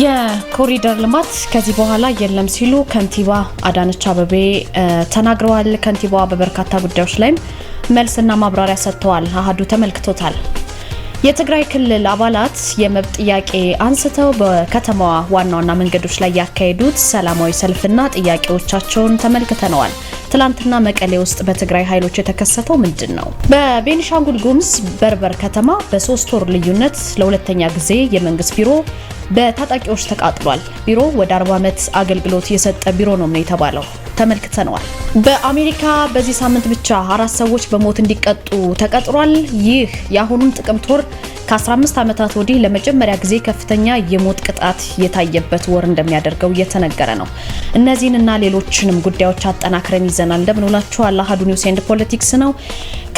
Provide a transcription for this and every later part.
የኮሪደር ልማት ከዚህ በኋላ የለም ሲሉ ከንቲባ አዳነች አበቤ ተናግረዋል። ከንቲባዋ በበርካታ ጉዳዮች ላይም መልስና ማብራሪያ ሰጥተዋል። አህዱ ተመልክቶታል። የትግራይ ክልል አባላት የመብት ጥያቄ አንስተው በከተማዋ ዋና ዋና መንገዶች ላይ ያካሄዱት ሰላማዊ ሰልፍና ጥያቄዎቻቸውን ተመልክተነዋል። ትላንትና መቀሌ ውስጥ በትግራይ ኃይሎች የተከሰተው ምንድን ነው? በቤኒሻንጉል ጉምዝ በርበር ከተማ በሶስት ወር ልዩነት ለሁለተኛ ጊዜ የመንግስት ቢሮ በታጣቂዎች ተቃጥሏል። ቢሮ ወደ 40 ዓመት አገልግሎት የሰጠ ቢሮ ነው ነው የተባለው ተመልክተነዋል። በአሜሪካ በዚህ ሳምንት ብቻ አራት ሰዎች በሞት እንዲቀጡ ተቀጥሯል። ይህ የአሁኑም ጥቅምት ወር ከ15 ዓመታት ወዲህ ለመጀመሪያ ጊዜ ከፍተኛ የሞት ቅጣት የታየበት ወር እንደሚያደርገው እየተነገረ ነው። እነዚህንና ሌሎችንም ጉዳዮች አጠናክረን ይዘናል። እንደምንውላችኋል። አሀዱ ኒውስ ኤንድ ፖለቲክስ ነው።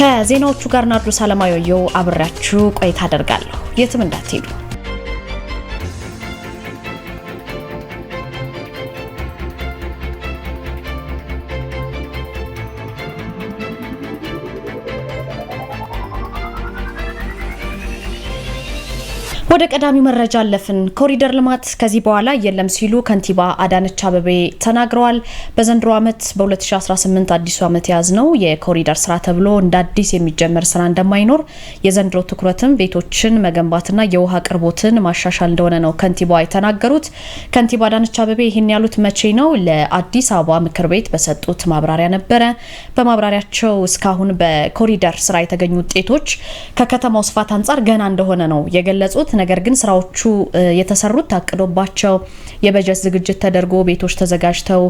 ከዜናዎቹ ጋር ናድሮ ሳለማየሁ አብሬያችሁ ቆይታ አደርጋለሁ። የትም እንዳትሄዱ። ወደ ቀዳሚ መረጃ አለፍን። ኮሪደር ልማት ከዚህ በኋላ የለም ሲሉ ከንቲባ አዳነች አበቤ ተናግረዋል። በዘንድሮ ዓመት በ2018 አዲሱ ዓመት የያዝነው የኮሪደር ስራ ተብሎ እንደ አዲስ የሚጀመር ስራ እንደማይኖር የዘንድሮ ትኩረትም ቤቶችን መገንባትና የውሃ አቅርቦትን ማሻሻል እንደሆነ ነው ከንቲባ የተናገሩት። ከንቲባ አዳነች አበቤ ይህን ያሉት መቼ ነው? ለአዲስ አበባ ምክር ቤት በሰጡት ማብራሪያ ነበረ። በማብራሪያቸው እስካሁን በኮሪደር ስራ የተገኙ ውጤቶች ከከተማው ስፋት አንጻር ገና እንደሆነ ነው የገለጹት። ነገር ግን ስራዎቹ የተሰሩት ታቅዶባቸው የበጀት ዝግጅት ተደርጎ ቤቶች ተዘጋጅተው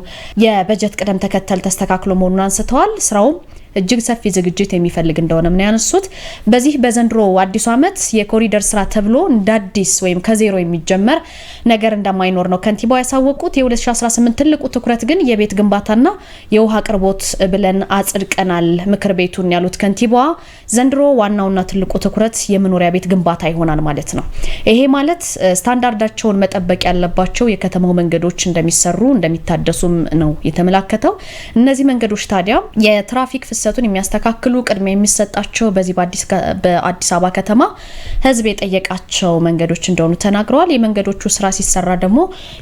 የበጀት ቅደም ተከተል ተስተካክሎ መሆኑን አንስተዋል። ስራውም እጅግ ሰፊ ዝግጅት የሚፈልግ እንደሆነም ነው ያነሱት። በዚህ በዘንድሮ አዲሱ ዓመት የኮሪደር ስራ ተብሎ እንደ አዲስ ወይም ከዜሮ የሚጀመር ነገር እንደማይኖር ነው ከንቲባው ያሳወቁት። የ2018 ትልቁ ትኩረት ግን የቤት ግንባታና የውሃ አቅርቦት ብለን አጽድቀናል ምክር ቤቱን ያሉት ከንቲባዋ ዘንድሮ ዋናውና ትልቁ ትኩረት የመኖሪያ ቤት ግንባታ ይሆናል ማለት ነው። ይሄ ማለት ስታንዳርዳቸውን መጠበቅ ያለባቸው የከተማው መንገዶች እንደሚሰሩ እንደሚታደሱም ነው የተመላከተው። እነዚህ መንገዶች ታዲያ የትራፊክ ፍሰቱን የሚያስተካክሉ ቅድሚያ የሚሰጣቸው በዚህ በአዲስ አበባ ከተማ ህዝብ የጠየቃቸው መንገዶች እንደሆኑ ተናግረዋል። የመንገዶቹ ስራ ሲሰራ ደግሞ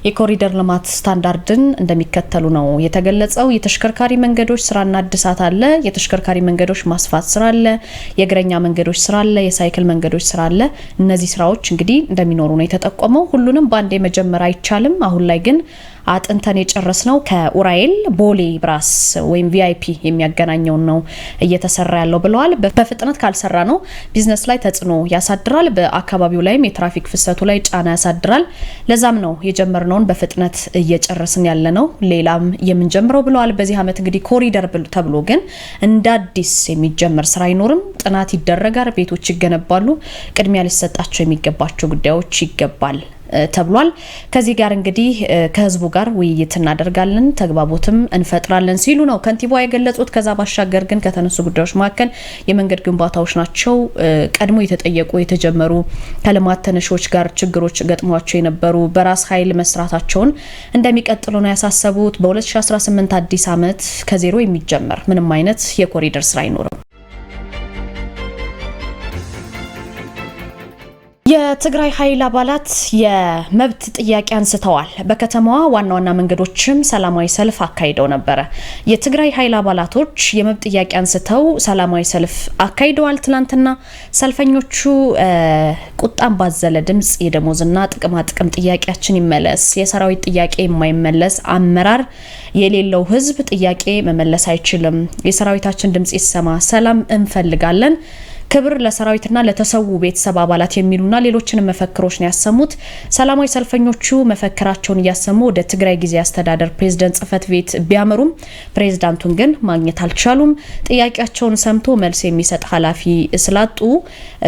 የኮሪደር ልማት ስታንዳርድን እንደሚከተሉ ነው የተገለጸው። የተሽከርካሪ መንገዶች ስራና እድሳት አለ። የተሽከርካሪ መንገዶች ማስፋት ስራ አለ። የእግረኛ መንገዶች ስራ አለ። የሳይክል መንገዶች ስራ አለ። እነዚህ ስራዎች እንግዲህ እንደሚኖሩ ነው የተጠቆመው። ሁሉንም በአንዴ መጀመር አይቻልም። አሁን ላይ ግን አጥንተን የጨረስነው ከኡራኤል ቦሌ ብራስ ወይም ቪአይፒ የሚያገናኘውን ነው እየተሰራ ያለው ብለዋል። በፍጥነት ካልሰራ ነው ቢዝነስ ላይ ተጽዕኖ ያሳድራል፣ በአካባቢው ላይም የትራፊክ ፍሰቱ ላይ ጫና ያሳድራል። ለዛም ነው የጀመርነውን በፍጥነት እየጨረስን ያለ ነው፣ ሌላም የምንጀምረው ብለዋል። በዚህ ዓመት እንግዲህ ኮሪደር ተብሎ ግን እንደ አዲስ የሚጀመር ስራ አይኖርም። ጥናት ይደረጋል፣ ቤቶች ይገነባሉ፣ ቅድሚያ ሊሰጣቸው የሚገባቸው ጉዳዮች ይገባል ተብሏል። ከዚህ ጋር እንግዲህ ከህዝቡ ጋር ውይይት እናደርጋለን፣ ተግባቦትም እንፈጥራለን ሲሉ ነው ከንቲባ የገለጹት። ከዛ ባሻገር ግን ከተነሱ ጉዳዮች መካከል የመንገድ ግንባታዎች ናቸው። ቀድሞ የተጠየቁ የተጀመሩ ከልማት ተነሾች ጋር ችግሮች ገጥሟቸው የነበሩ በራስ ኃይል መስራታቸውን እንደሚቀጥሉ ነው ያሳሰቡት። በ2018 አዲስ ዓመት ከዜሮ የሚጀመር ምንም አይነት የኮሪደር ስራ አይኖርም። የትግራይ ኃይል አባላት የመብት ጥያቄ አንስተዋል። በከተማዋ ዋና ዋና መንገዶችም ሰላማዊ ሰልፍ አካሂደው ነበረ። የትግራይ ኃይል አባላቶች የመብት ጥያቄ አንስተው ሰላማዊ ሰልፍ አካሂደዋል። ትላንትና ሰልፈኞቹ ቁጣን ባዘለ ድምፅ የደሞዝና ጥቅማጥቅም ጥያቄያችን ይመለስ፣ የሰራዊት ጥያቄ የማይመለስ አመራር የሌለው ህዝብ ጥያቄ መመለስ አይችልም፣ የሰራዊታችን ድምፅ ይሰማ፣ ሰላም እንፈልጋለን ክብር ለሰራዊትና ለተሰዉ ቤተሰብ አባላት የሚሉና ሌሎችንም መፈክሮች ነው ያሰሙት። ሰላማዊ ሰልፈኞቹ መፈክራቸውን እያሰሙ ወደ ትግራይ ጊዜ አስተዳደር ፕሬዝደንት ጽህፈት ቤት ቢያመሩም ፕሬዝዳንቱን ግን ማግኘት አልቻሉም። ጥያቄያቸውን ሰምቶ መልስ የሚሰጥ ኃላፊ ስላጡ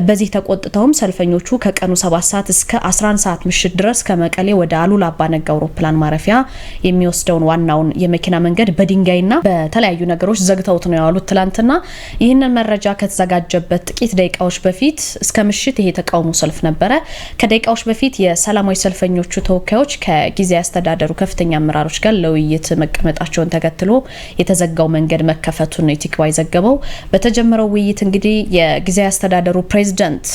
በዚህ ተቆጥተውም ሰልፈኞቹ ከቀኑ 7 ሰዓት እስከ 11 ሰዓት ምሽት ድረስ ከመቀሌ ወደ አሉላ አባነጋ አውሮፕላን ማረፊያ የሚወስደውን ዋናውን የመኪና መንገድ በድንጋይና በተለያዩ ነገሮች ዘግተውት ነው ያሉት። ትላንትና ይህንን መረጃ ከተዘጋጀበት ከጥቂት ደቂቃዎች በፊት እስከ ምሽት ይሄ ተቃውሞ ሰልፍ ነበረ። ከደቂቃዎች በፊት የሰላማዊ ሰልፈኞቹ ተወካዮች ከጊዜ አስተዳደሩ ከፍተኛ አመራሮች ጋር ለውይይት መቀመጣቸውን ተከትሎ የተዘጋው መንገድ መከፈቱን ነው ኢቲክባ በተጀመረው ውይይት እንግዲህ የጊዜ አስተዳደሩ ፕሬዚደንት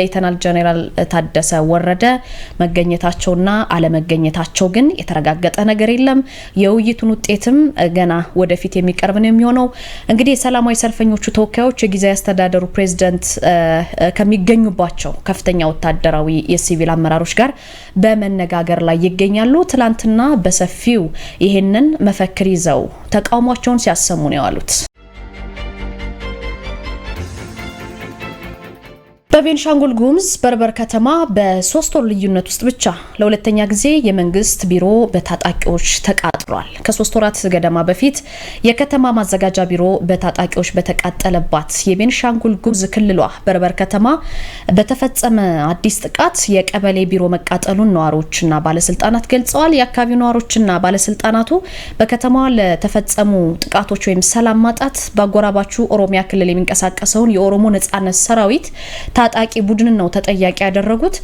ሌተናል ጀኔራል ታደሰ ወረደ መገኘታቸውና አለመገኘታቸው ግን የተረጋገጠ ነገር የለም። የውይይቱን ውጤትም ገና ወደፊት የሚቀርብ ነው የሚሆነው። እንግዲህ የሰላማዊ ሰልፈኞቹ ተወካዮች የጊዜ አስተዳደሩ ፕሬዚደንት ፕሬዚደንት ከሚገኙባቸው ከፍተኛ ወታደራዊ የሲቪል አመራሮች ጋር በመነጋገር ላይ ይገኛሉ። ትላንትና በሰፊው ይህንን መፈክር ይዘው ተቃውሟቸውን ሲያሰሙ ነው የዋሉት። በቤንሻንጉል ጉሙዝ በርበር ከተማ በሶስት ወር ልዩነት ውስጥ ብቻ ለሁለተኛ ጊዜ የመንግስት ቢሮ በታጣቂዎች ተቃጥሏል። ከሶስት ወራት ገደማ በፊት የከተማ ማዘጋጃ ቢሮ በታጣቂዎች በተቃጠለባት የቤንሻንጉል ጉሙዝ ክልሏ በርበር ከተማ በተፈጸመ አዲስ ጥቃት የቀበሌ ቢሮ መቃጠሉን ነዋሪዎችና ባለስልጣናት ገልጸዋል። የአካባቢው ነዋሪዎችና ባለስልጣናቱ በከተማዋ ለተፈጸሙ ጥቃቶች ወይም ሰላም ማጣት በአጎራባቹ ኦሮሚያ ክልል የሚንቀሳቀሰውን የኦሮሞ ነጻነት ሰራዊት ታጣቂ ቡድን ነው ተጠያቂ ያደረጉት።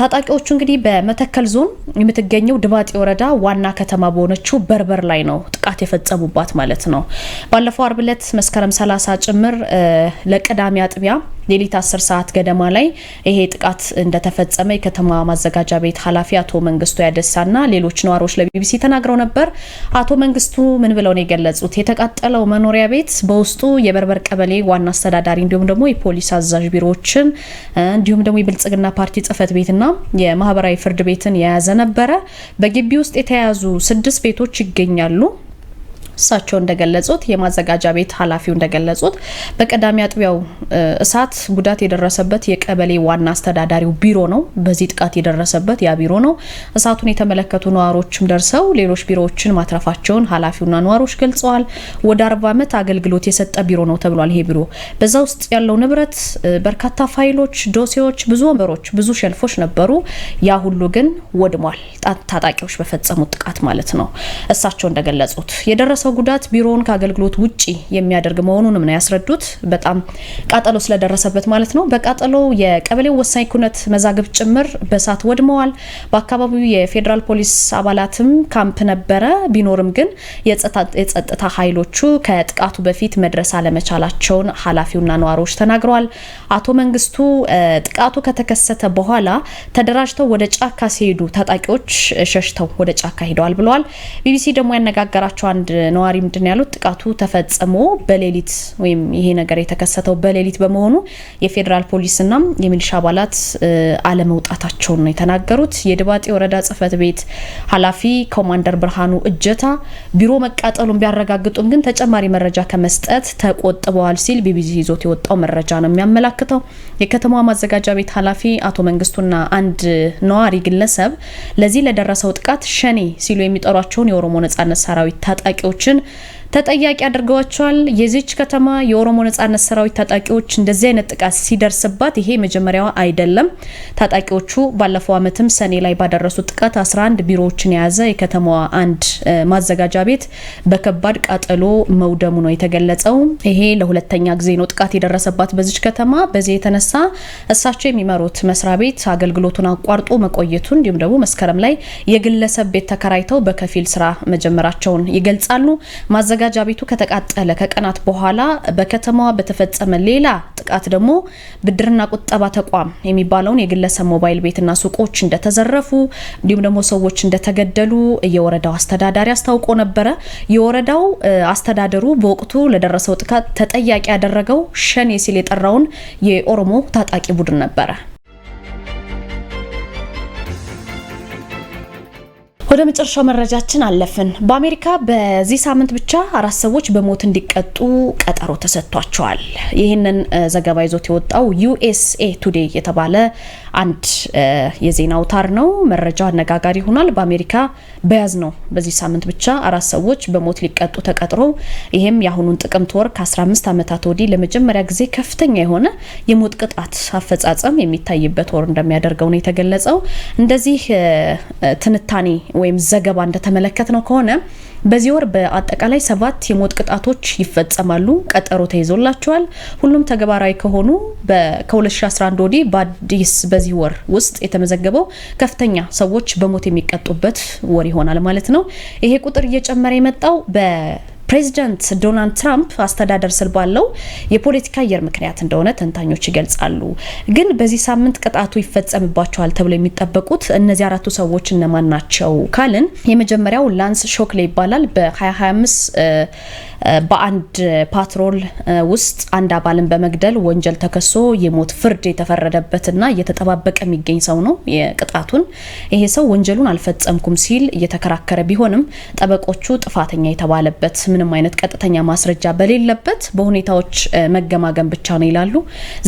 ታጣቂዎቹ እንግዲህ በመተከል ዞን የምትገኘው ድባጤ ወረዳ ዋና ከተማ በሆነችው በርበር ላይ ነው ጥቃት የፈጸሙባት ማለት ነው። ባለፈው አርብ ዕለት መስከረም 30 ጭምር ለቅዳሜ አጥቢያ ሌሊት 10 ሰዓት ገደማ ላይ ይሄ ጥቃት እንደተፈጸመ የከተማ ማዘጋጃ ቤት ኃላፊ አቶ መንግስቱ ያደሳና ሌሎች ነዋሪዎች ለቢቢሲ ተናግረው ነበር። አቶ መንግስቱ ምን ብለው ነው የገለጹት? የተቃጠለው መኖሪያ ቤት በውስጡ የበርበር ቀበሌ ዋና አስተዳዳሪ እንዲሁም ደግሞ የፖሊስ አዛዥ ቢሮዎችን ኮሚሽን እንዲሁም ደግሞ የብልጽግና ፓርቲ ጽህፈት ቤትና የማህበራዊ ፍርድ ቤትን የያዘ ነበረ። በግቢ ውስጥ የተያዙ ስድስት ቤቶች ይገኛሉ። እሳቸው እንደገለጹት የማዘጋጃ ቤት ኃላፊው እንደገለጹት በቀዳሚ አጥቢያው እሳት ጉዳት የደረሰበት የቀበሌ ዋና አስተዳዳሪው ቢሮ ነው። በዚህ ጥቃት የደረሰበት ያ ቢሮ ነው። እሳቱን የተመለከቱ ነዋሪዎችም ደርሰው ሌሎች ቢሮዎችን ማትረፋቸውን ኃላፊውና ነዋሪዎች ገልጸዋል። ወደ አርባ ዓመት አገልግሎት የሰጠ ቢሮ ነው ተብሏል። ይሄ ቢሮ በዛ ውስጥ ያለው ንብረት በርካታ ፋይሎች፣ ዶሴዎች፣ ብዙ ወንበሮች፣ ብዙ ሸልፎች ነበሩ። ያ ሁሉ ግን ወድሟል። ታጣቂዎች በፈጸሙት ጥቃት ማለት ነው። እሳቸው እንደገለጹት የደረሰው የደረሰው ጉዳት ቢሮውን ከአገልግሎት ውጪ የሚያደርግ መሆኑንም ነው ያስረዱት። በጣም ቃጠሎ ስለደረሰበት ማለት ነው። በቃጠሎ የቀበሌው ወሳኝ ኩነት መዛግብ ጭምር በእሳት ወድመዋል። በአካባቢው የፌዴራል ፖሊስ አባላትም ካምፕ ነበረ። ቢኖርም ግን የጸጥታ ኃይሎቹ ከጥቃቱ በፊት መድረስ አለመቻላቸውን ኃላፊውና ነዋሪዎች ተናግረዋል። አቶ መንግስቱ ጥቃቱ ከተከሰተ በኋላ ተደራጅተው ወደ ጫካ ሲሄዱ ታጣቂዎች ሸሽተው ወደ ጫካ ሄደዋል ብለዋል። ቢቢሲ ደግሞ ያነጋገራቸው አንድ ነዋሪ ምንድን ያሉት ጥቃቱ ተፈጽሞ በሌሊት ወይም ይሄ ነገር የተከሰተው በሌሊት በመሆኑ የፌዴራል ፖሊስና የሚሊሻ አባላት አለመውጣታቸውን ነው የተናገሩት። የድባጤ ወረዳ ጽህፈት ቤት ኃላፊ ኮማንደር ብርሃኑ እጀታ ቢሮ መቃጠሉን ቢያረጋግጡም ግን ተጨማሪ መረጃ ከመስጠት ተቆጥበዋል ሲል ቢቢሲ ይዞት የወጣው መረጃ ነው የሚያመላክተው። የከተማዋ ማዘጋጃ ቤት ኃላፊ አቶ መንግስቱና አንድ ነዋሪ ግለሰብ ለዚህ ለደረሰው ጥቃት ሸኔ ሲሉ የሚጠሯቸውን የኦሮሞ ነጻነት ሰራዊት ታጣቂዎች ሌሎችን ተጠያቂ አድርገዋቸዋል። የዚች ከተማ የኦሮሞ ነጻነት ሰራዊት ታጣቂዎች እንደዚህ አይነት ጥቃት ሲደርስባት ይሄ መጀመሪያዋ አይደለም። ታጣቂዎቹ ባለፈው ዓመትም ሰኔ ላይ ባደረሱት ጥቃት 11 ቢሮዎችን የያዘ የከተማዋ አንድ ማዘጋጃ ቤት በከባድ ቃጠሎ መውደሙ ነው የተገለጸው። ይሄ ለሁለተኛ ጊዜ ነው ጥቃት የደረሰባት በዚች ከተማ። በዚህ የተነሳ እሳቸው የሚመሩት መስሪያ ቤት አገልግሎቱን አቋርጦ መቆየቱ እንዲሁም ደግሞ መስከረም ላይ የግለሰብ ቤት ተከራይተው በከፊል ስራ መጀመራቸውን ይገልጻሉ። መዘጋጃ ቤቱ ከተቃጠለ ከቀናት በኋላ በከተማዋ በተፈጸመ ሌላ ጥቃት ደግሞ ብድርና ቁጠባ ተቋም የሚባለውን የግለሰብ ሞባይል ቤትና ሱቆች እንደተዘረፉ እንዲሁም ደግሞ ሰዎች እንደተገደሉ የወረዳው አስተዳዳሪ አስታውቆ ነበረ። የወረዳው አስተዳደሩ በወቅቱ ለደረሰው ጥቃት ተጠያቂ ያደረገው ሸኔ ሲል የጠራውን የኦሮሞ ታጣቂ ቡድን ነበረ። ወደ መጨረሻው መረጃችን አለፍን። በአሜሪካ በዚህ ሳምንት ብቻ አራት ሰዎች በሞት እንዲቀጡ ቀጠሮ ተሰጥቷቸዋል። ይህንን ዘገባ ይዞት የወጣው ዩኤስኤ ቱዴይ የተባለ አንድ የዜና አውታር ነው። መረጃው አነጋጋሪ ሆኗል። በአሜሪካ በያዝ ነው በዚህ ሳምንት ብቻ አራት ሰዎች በሞት ሊቀጡ ተቀጥሮ ይህም የአሁኑን ጥቅምት ወር ከ15 ዓመታት ወዲህ ለመጀመሪያ ጊዜ ከፍተኛ የሆነ የሞት ቅጣት አፈጻጸም የሚታይበት ወር እንደሚያደርገው ነው የተገለጸው። እንደዚህ ትንታኔ ወይም ዘገባ እንደተመለከት ነው ከሆነ በዚህ ወር በአጠቃላይ ሰባት የሞት ቅጣቶች ይፈጸማሉ። ቀጠሮ ተይዞላቸዋል። ሁሉም ተግባራዊ ከሆኑ ከ2011 ወዲህ በአዲስ በዚህ ወር ውስጥ የተመዘገበው ከፍተኛ ሰዎች በሞት የሚቀጡበት ወር ይሆናል ማለት ነው። ይሄ ቁጥር እየጨመረ የመጣው በ ፕሬዚዳንት ዶናልድ ትራምፕ አስተዳደር ስር ባለው የፖለቲካ አየር ምክንያት እንደሆነ ተንታኞች ይገልጻሉ። ግን በዚህ ሳምንት ቅጣቱ ይፈጸምባቸዋል ተብሎ የሚጠበቁት እነዚህ አራቱ ሰዎች እነማን ናቸው ካልን የመጀመሪያው ላንስ ሾክሌ ይባላል በ2025 በአንድ ፓትሮል ውስጥ አንድ አባልን በመግደል ወንጀል ተከሶ የሞት ፍርድ የተፈረደበትና እየተጠባበቀ የሚገኝ ሰው ነው የቅጣቱን። ይሄ ሰው ወንጀሉን አልፈጸምኩም ሲል እየተከራከረ ቢሆንም ጠበቆቹ ጥፋተኛ የተባለበት ምንም አይነት ቀጥተኛ ማስረጃ በሌለበት በሁኔታዎች መገማገም ብቻ ነው ይላሉ።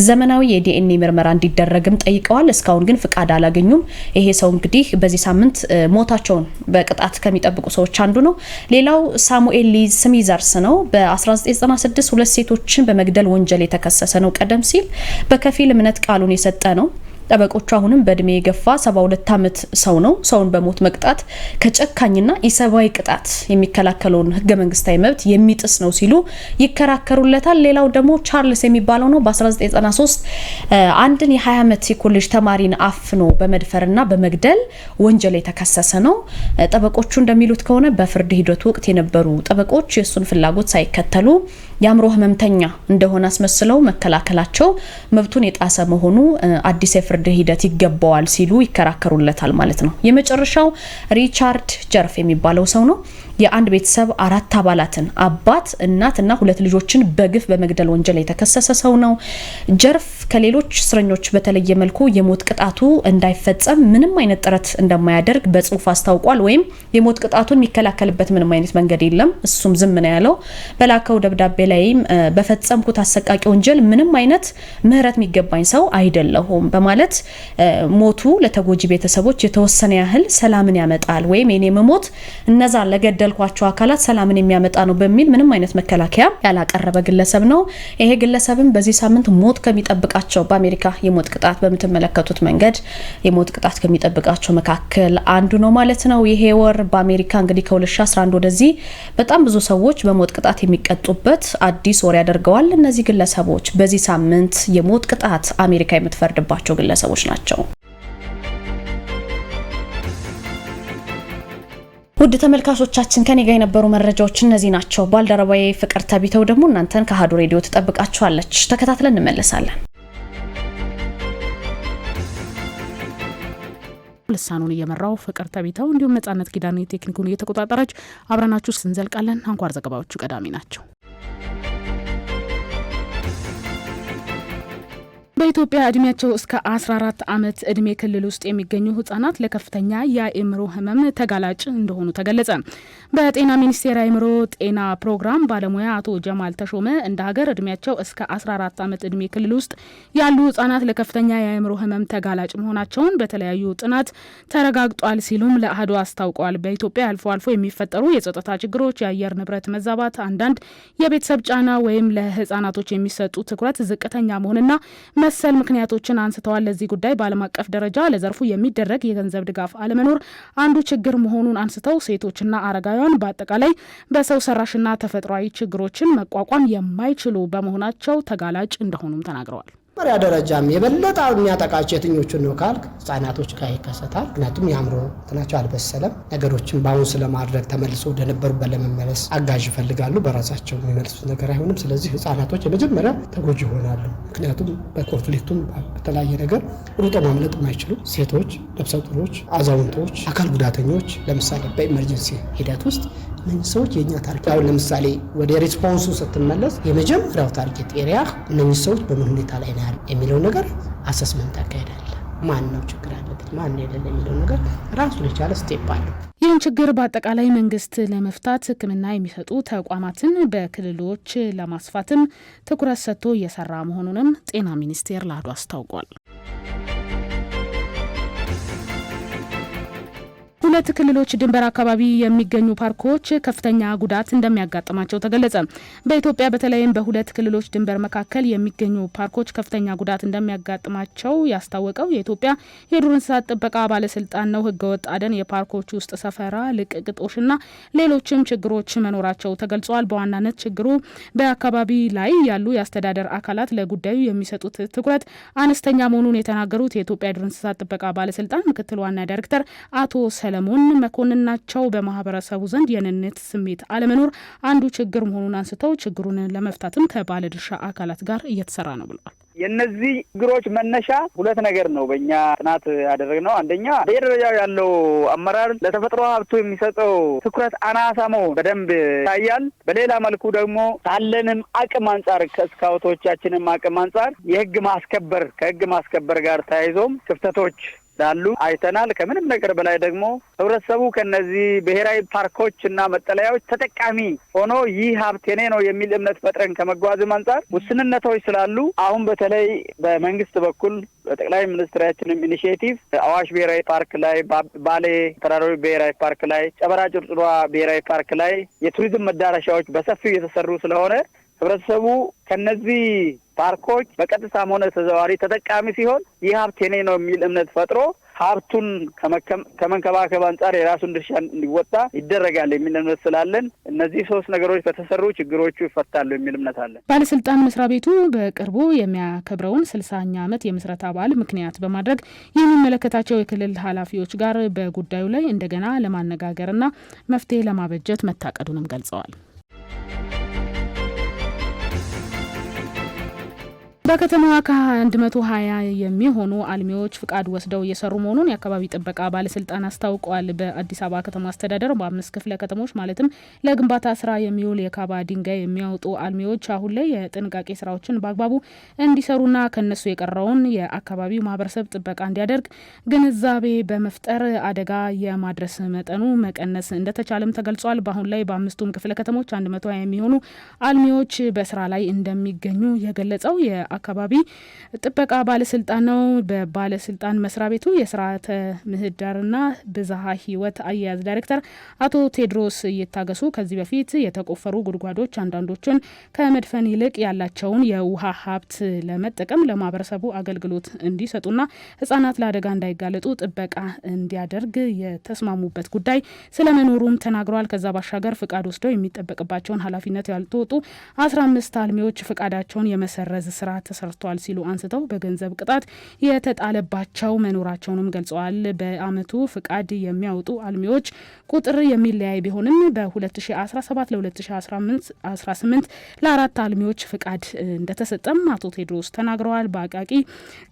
ዘመናዊ የዲኤንኤ ምርመራ እንዲደረግም ጠይቀዋል። እስካሁን ግን ፍቃድ አላገኙም። ይሄ ሰው እንግዲህ በዚህ ሳምንት ሞታቸውን በቅጣት ከሚጠብቁ ሰዎች አንዱ ነው። ሌላው ሳሙኤል ሊዝ ስሚዘርስ ነው። በ1996 ሁለት ሴቶችን በመግደል ወንጀል የተከሰሰ ነው። ቀደም ሲል በከፊል እምነት ቃሉን የሰጠ ነው። ጠበቆቹ አሁንም በእድሜ የገፋ 72 ዓመት ሰው ነው ሰውን በሞት መቅጣት ከጨካኝና ኢሰብአዊ ቅጣት የሚከላከለውን ህገ መንግስታዊ መብት የሚጥስ ነው ሲሉ ይከራከሩለታል። ሌላው ደግሞ ቻርልስ የሚባለው ነው በ1993 አንድን የ20 ዓመት የኮሌጅ ተማሪን አፍኖ በመድፈርና በመግደል ወንጀል የተከሰሰ ነው። ጠበቆቹ እንደሚሉት ከሆነ በፍርድ ሂደቱ ወቅት የነበሩ ጠበቆች የእሱን ፍላጎት ሳይከተሉ የአእምሮ ህመምተኛ እንደሆነ አስመስለው መከላከላቸው መብቱን የጣሰ መሆኑ አዲስ የፍርድ ሂደት ይገባዋል ሲሉ ይከራከሩለታል ማለት ነው። የመጨረሻው ሪቻርድ ጀርፍ የሚባለው ሰው ነው። የአንድ ቤተሰብ አራት አባላትን አባት፣ እናት እና ሁለት ልጆችን በግፍ በመግደል ወንጀል የተከሰሰ ሰው ነው። ጀርፍ ከሌሎች እስረኞች በተለየ መልኩ የሞት ቅጣቱ እንዳይፈጸም ምንም አይነት ጥረት እንደማያደርግ በጽሁፍ አስታውቋል። ወይም የሞት ቅጣቱን የሚከላከልበት ምንም አይነት መንገድ የለም፣ እሱም ዝም ነው ያለው። በላከው ደብዳቤ ላይም በፈጸምኩት አሰቃቂ ወንጀል ምንም አይነት ምህረት የሚገባኝ ሰው አይደለሁም በማለት ሞቱ ለተጎጂ ቤተሰቦች የተወሰነ ያህል ሰላምን ያመጣል ወይም የኔ ሞት እነዛ ለገደልኳቸው አካላት ሰላምን የሚያመጣ ነው በሚል ምንም አይነት መከላከያ ያላቀረበ ግለሰብ ነው። ይሄ ግለሰብም በዚህ ሳምንት ሞት ከሚጠብቃቸው በአሜሪካ የሞት ቅጣት በምትመለከቱት መንገድ የሞት ቅጣት ከሚጠብቃቸው መካከል አንዱ ነው ማለት ነው። ይሄ ወር በአሜሪካ እንግዲህ ከ2011 ወደዚህ በጣም ብዙ ሰዎች በሞት ቅጣት የሚቀጡበት አዲስ ወር ያደርገዋል። እነዚህ ግለሰቦች በዚህ ሳምንት የሞት ቅጣት አሜሪካ የምትፈርድባቸው ግለሰቦች ናቸው። ውድ ተመልካቾቻችን ከኔ ጋር የነበሩ መረጃዎች እነዚህ ናቸው። ባልደረባዬ ፍቅር ተቢተው ደግሞ እናንተን ከአሀዱ ሬዲዮ ትጠብቃችኋለች። ተከታትለን እንመለሳለን። ልሳኑን እየመራው ፍቅር ተቢተው እንዲሁም ነጻነት ኪዳን ቴክኒኩን እየተቆጣጠረች አብረናችሁ ስንዘልቃለን። አንኳር ዘገባዎቹ ቀዳሚ ናቸው። በኢትዮጵያ እድሜያቸው እስከ 14 ዓመት እድሜ ክልል ውስጥ የሚገኙ ህጻናት ለከፍተኛ የአእምሮ ህመም ተጋላጭ እንደሆኑ ተገለጸ። በጤና ሚኒስቴር አእምሮ ጤና ፕሮግራም ባለሙያ አቶ ጀማል ተሾመ እንደ ሀገር እድሜያቸው እስከ 14 ዓመት እድሜ ክልል ውስጥ ያሉ ህጻናት ለከፍተኛ የአእምሮ ህመም ተጋላጭ መሆናቸውን በተለያዩ ጥናት ተረጋግጧል ሲሉም ለአህዶ አስታውቀዋል። በኢትዮጵያ አልፎ አልፎ የሚፈጠሩ የጸጥታ ችግሮች፣ የአየር ንብረት መዛባት፣ አንዳንድ የቤተሰብ ጫና ወይም ለህጻናቶች የሚሰጡ ትኩረት ዝቅተኛ መሆንና መሰል ምክንያቶችን አንስተዋል። ለዚህ ጉዳይ በዓለም አቀፍ ደረጃ ለዘርፉ የሚደረግ የገንዘብ ድጋፍ አለመኖር አንዱ ችግር መሆኑን አንስተው ሴቶችና አረጋውያን በአጠቃላይ በሰው ሰራሽና ተፈጥሯዊ ችግሮችን መቋቋም የማይችሉ በመሆናቸው ተጋላጭ እንደሆኑም ተናግረዋል። መሪያ ደረጃም የበለጠ የሚያጠቃቸው የትኞቹን ነው ካልክ ህጻናቶች ጋር ይከሰታል። ምክንያቱም የአእምሮ እንትናቸው አልበሰለም። ነገሮችን በአሁን ስለማድረግ ተመልሶ ወደነበሩበት ለመመለስ አጋዥ ይፈልጋሉ። በራሳቸው የሚመልሱት ነገር አይሆንም። ስለዚህ ህጻናቶች የመጀመሪያ ተጎጂ ይሆናሉ። ምክንያቱም በኮንፍሊክቱም በተለያየ ነገር ሩጦ ማምለጥ የማይችሉ ሴቶች፣ ነፍሰ ጡሮች፣ አዛውንቶች፣ አካል ጉዳተኞች ለምሳሌ በኢመርጀንሲ ሂደት ውስጥ እነዚህ ሰዎች የእኛ ታርጌት። አሁን ለምሳሌ ወደ ሪስፖንሱ ስትመለስ የመጀመሪያው ታርጌት ኤሪያ እነዚህ ሰዎች በምን ሁኔታ ላይ ነው የሚለው ነገር አሰስመንት ያካሄዳል። ማን ነው ችግር ያለበት ማን የሌለ የሚለው ነገር ራሱን የቻለ ስቴፕ አለው። ይህን ችግር በአጠቃላይ መንግስት ለመፍታት ሕክምና የሚሰጡ ተቋማትን በክልሎች ለማስፋትም ትኩረት ሰጥቶ እየሰራ መሆኑንም ጤና ሚኒስቴር ላዱ አስታውቋል። ሁለት ክልሎች ድንበር አካባቢ የሚገኙ ፓርኮች ከፍተኛ ጉዳት እንደሚያጋጥማቸው ተገለጸ። በኢትዮጵያ በተለይም በሁለት ክልሎች ድንበር መካከል የሚገኙ ፓርኮች ከፍተኛ ጉዳት እንደሚያጋጥማቸው ያስታወቀው የኢትዮጵያ የዱር እንስሳት ጥበቃ ባለስልጣን ነው። ህገወጥ አደን፣ የፓርኮች ውስጥ ሰፈራ፣ ልቅቅጦሽና ሌሎችም ችግሮች መኖራቸው ተገልጿል። በዋናነት ችግሩ በአካባቢ ላይ ያሉ የአስተዳደር አካላት ለጉዳዩ የሚሰጡት ትኩረት አነስተኛ መሆኑን የተናገሩት የኢትዮጵያ የዱር እንስሳት ጥበቃ ባለስልጣን ምክትል ዋና ዳይሬክተር አቶ ሰ ሰለሞን መኮንን ናቸው። በማህበረሰቡ ዘንድ የነነት ስሜት አለመኖር አንዱ ችግር መሆኑን አንስተው ችግሩን ለመፍታትም ከባለድርሻ አካላት ጋር እየተሰራ ነው ብለዋል። የእነዚህ ችግሮች መነሻ ሁለት ነገር ነው። በእኛ ጥናት ያደረግነው አንደኛ በየደረጃው ያለው አመራር ለተፈጥሮ ሀብቱ የሚሰጠው ትኩረት አናሳ መሆን በደንብ ይታያል። በሌላ መልኩ ደግሞ ካለንም አቅም አንጻር ከስካውቶቻችንም አቅም አንጻር የህግ ማስከበር ከህግ ማስከበር ጋር ተያይዞም ክፍተቶች እንዳሉ አይተናል። ከምንም ነገር በላይ ደግሞ ህብረተሰቡ ከነዚህ ብሔራዊ ፓርኮች እና መጠለያዎች ተጠቃሚ ሆኖ ይህ ሀብት የኔ ነው የሚል እምነት ፈጥረን ከመጓዝም አንጻር ውስንነቶች ስላሉ አሁን በተለይ በመንግስት በኩል በጠቅላይ ሚኒስትራችንም ኢኒሽቲቭ አዋሽ ብሔራዊ ፓርክ ላይ፣ ባሌ ተራሮች ብሔራዊ ፓርክ ላይ፣ ጨበራ ጩርጩራ ብሔራዊ ፓርክ ላይ የቱሪዝም መዳረሻዎች በሰፊው የተሰሩ ስለሆነ ህብረተሰቡ ከነዚህ ፓርኮች በቀጥታም ሆነ ተዘዋዋሪ ተጠቃሚ ሲሆን ይህ ሀብት የኔ ነው የሚል እምነት ፈጥሮ ሀብቱን ከመንከባከብ አንጻር የራሱን ድርሻ እንዲወጣ ይደረጋል የሚል እምነት ስላለን እነዚህ ሶስት ነገሮች በተሰሩ ችግሮቹ ይፈታሉ የሚል እምነት አለን። ባለስልጣን መስሪያ ቤቱ በቅርቡ የሚያከብረውን ስልሳኛ ዓመት የምስረታ በዓል ምክንያት በማድረግ የሚመለከታቸው የክልል ኃላፊዎች ጋር በጉዳዩ ላይ እንደገና ለማነጋገርና መፍትሄ ለማበጀት መታቀዱንም ገልጸዋል። በከተማዋ ከ120 የሚሆኑ አልሚዎች ፍቃድ ወስደው እየሰሩ መሆኑን የአካባቢ ጥበቃ ባለስልጣን አስታውቋል። በአዲስ አበባ ከተማ አስተዳደር በአምስት ክፍለ ከተሞች ማለትም ለግንባታ ስራ የሚውል የካባ ድንጋይ የሚያወጡ አልሚዎች አሁን ላይ የጥንቃቄ ስራዎችን በአግባቡ እንዲሰሩና ከነሱ የቀረውን የአካባቢው ማህበረሰብ ጥበቃ እንዲያደርግ ግንዛቤ በመፍጠር አደጋ የማድረስ መጠኑ መቀነስ እንደተቻለም ተገልጿል። በአሁን ላይ በአምስቱም ክፍለ ከተሞች 120 የሚሆኑ አልሚዎች በስራ ላይ እንደሚገኙ የገለጸው አካባቢ ጥበቃ ባለስልጣን ነው። በባለስልጣን መስሪያ ቤቱ የስርዓተ ምህዳርና ብዝሃ ህይወት አያያዝ ዳይሬክተር አቶ ቴድሮስ እየታገሱ ከዚህ በፊት የተቆፈሩ ጉድጓዶች አንዳንዶቹን ከመድፈን ይልቅ ያላቸውን የውሃ ሀብት ለመጠቀም ለማህበረሰቡ አገልግሎት እንዲሰጡና ህጻናት ለአደጋ እንዳይጋለጡ ጥበቃ እንዲያደርግ የተስማሙበት ጉዳይ ስለመኖሩም ተናግረዋል። ከዛ ባሻገር ፍቃድ ወስደው የሚጠበቅባቸውን ኃላፊነት ያልተወጡ አስራ አምስት አልሚዎች ፍቃዳቸውን የመሰረዝ ስራ ተሰርቷል ሲሉ አንስተው በገንዘብ ቅጣት የተጣለባቸው መኖራቸውንም ገልጸዋል። በአመቱ ፍቃድ የሚያወጡ አልሚዎች ቁጥር የሚለያይ ቢሆንም በ2017 ለ2018 ለአራት አልሚዎች ፍቃድ እንደተሰጠም አቶ ቴድሮስ ተናግረዋል። በአቃቂ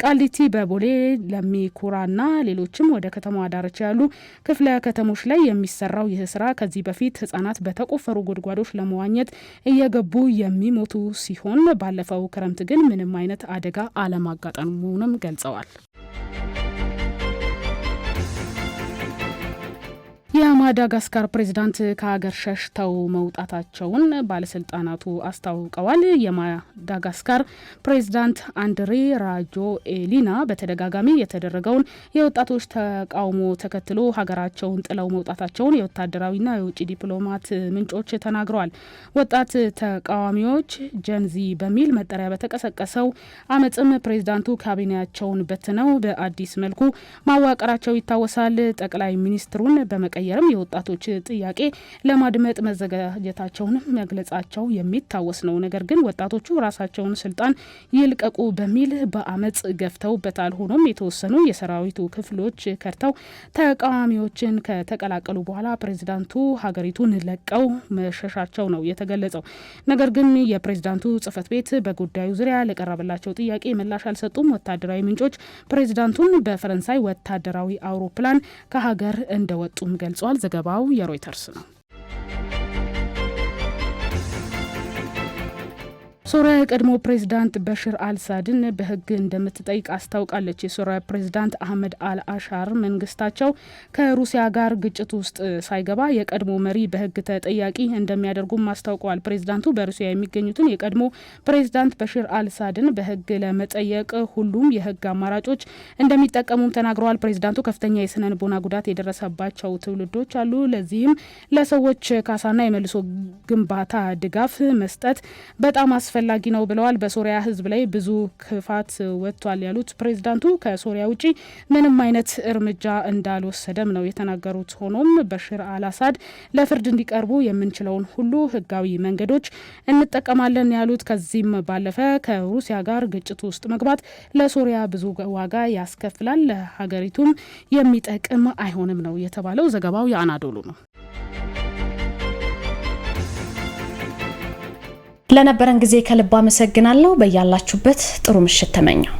ቃሊቲ፣ በቦሌ ለሚኩራና ሌሎችም ወደ ከተማ ዳርቻ ያሉ ክፍለ ከተሞች ላይ የሚሰራው ይህ ስራ ከዚህ በፊት ህጻናት በተቆፈሩ ጉድጓዶች ለመዋኘት እየገቡ የሚሞቱ ሲሆን ባለፈው ክረምት ግን ምንም አይነት አደጋ አለማጋጠሙንም ገልጸዋል የማዳጋስካር ፕሬዚዳንት ከሀገር ሸሽተው መውጣታቸውን ባለስልጣናቱ አስታውቀዋል። የማዳጋስካር ፕሬዚዳንት አንድሬ ራጆ ኤሊና በተደጋጋሚ የተደረገውን የወጣቶች ተቃውሞ ተከትሎ ሀገራቸውን ጥለው መውጣታቸውን የወታደራዊና የውጭ ዲፕሎማት ምንጮች ተናግረዋል። ወጣት ተቃዋሚዎች ጀንዚ በሚል መጠሪያ በተቀሰቀሰው አመፅም ፕሬዚዳንቱ ካቢኔያቸውን በትነው በአዲስ መልኩ ማዋቀራቸው ይታወሳል። ጠቅላይ ሚኒስትሩን በመቀ እንዲቀየርም የወጣቶች ጥያቄ ለማድመጥ መዘጋጀታቸውንም መግለጻቸው የሚታወስ ነው። ነገር ግን ወጣቶቹ ራሳቸውን ስልጣን ይልቀቁ በሚል በአመፅ ገፍተውበታል። ሆኖም የተወሰኑ የሰራዊቱ ክፍሎች ከድተው ተቃዋሚዎችን ከተቀላቀሉ በኋላ ፕሬዚዳንቱ ሀገሪቱን ለቀው መሸሻቸው ነው የተገለጸው። ነገር ግን የፕሬዚዳንቱ ጽህፈት ቤት በጉዳዩ ዙሪያ ለቀረበላቸው ጥያቄ ምላሽ አልሰጡም። ወታደራዊ ምንጮች ፕሬዚዳንቱን በፈረንሳይ ወታደራዊ አውሮፕላን ከሀገር እንደወጡም ገለ ገልጿል። ዘገባው የሮይተርስ ነው። ሶሪያ የቀድሞ ፕሬዚዳንት በሽር አልሳድን በህግ እንደምትጠይቅ አስታውቃለች። የሶሪያ ፕሬዚዳንት አህመድ አልአሻር መንግስታቸው ከሩሲያ ጋር ግጭት ውስጥ ሳይገባ የቀድሞ መሪ በህግ ተጠያቂ እንደሚያደርጉም አስታውቀዋል። ፕሬዚዳንቱ በሩሲያ የሚገኙትን የቀድሞ ፕሬዚዳንት በሽር አልሳድን በህግ ለመጠየቅ ሁሉም የህግ አማራጮች እንደሚጠቀሙም ተናግረዋል። ፕሬዚዳንቱ ከፍተኛ የስነ ልቦና ጉዳት የደረሰባቸው ትውልዶች አሉ። ለዚህም ለሰዎች ካሳና የመልሶ ግንባታ ድጋፍ መስጠት በጣም አስፈ አስፈላጊ ነው ብለዋል። በሶሪያ ህዝብ ላይ ብዙ ክፋት ወጥቷል ያሉት ፕሬዚዳንቱ ከሶሪያ ውጪ ምንም አይነት እርምጃ እንዳልወሰደም ነው የተናገሩት። ሆኖም በሽር አልአሳድ ለፍርድ እንዲቀርቡ የምንችለውን ሁሉ ህጋዊ መንገዶች እንጠቀማለን ያሉት ከዚህም ባለፈ ከሩሲያ ጋር ግጭት ውስጥ መግባት ለሶሪያ ብዙ ዋጋ ያስከፍላል፣ ለሀገሪቱም የሚጠቅም አይሆንም ነው የተባለው። ዘገባው የአናዶሉ ነው። ለነበረን ጊዜ ከልብ አመሰግናለሁ። በያላችሁበት ጥሩ ምሽት ተመኘው።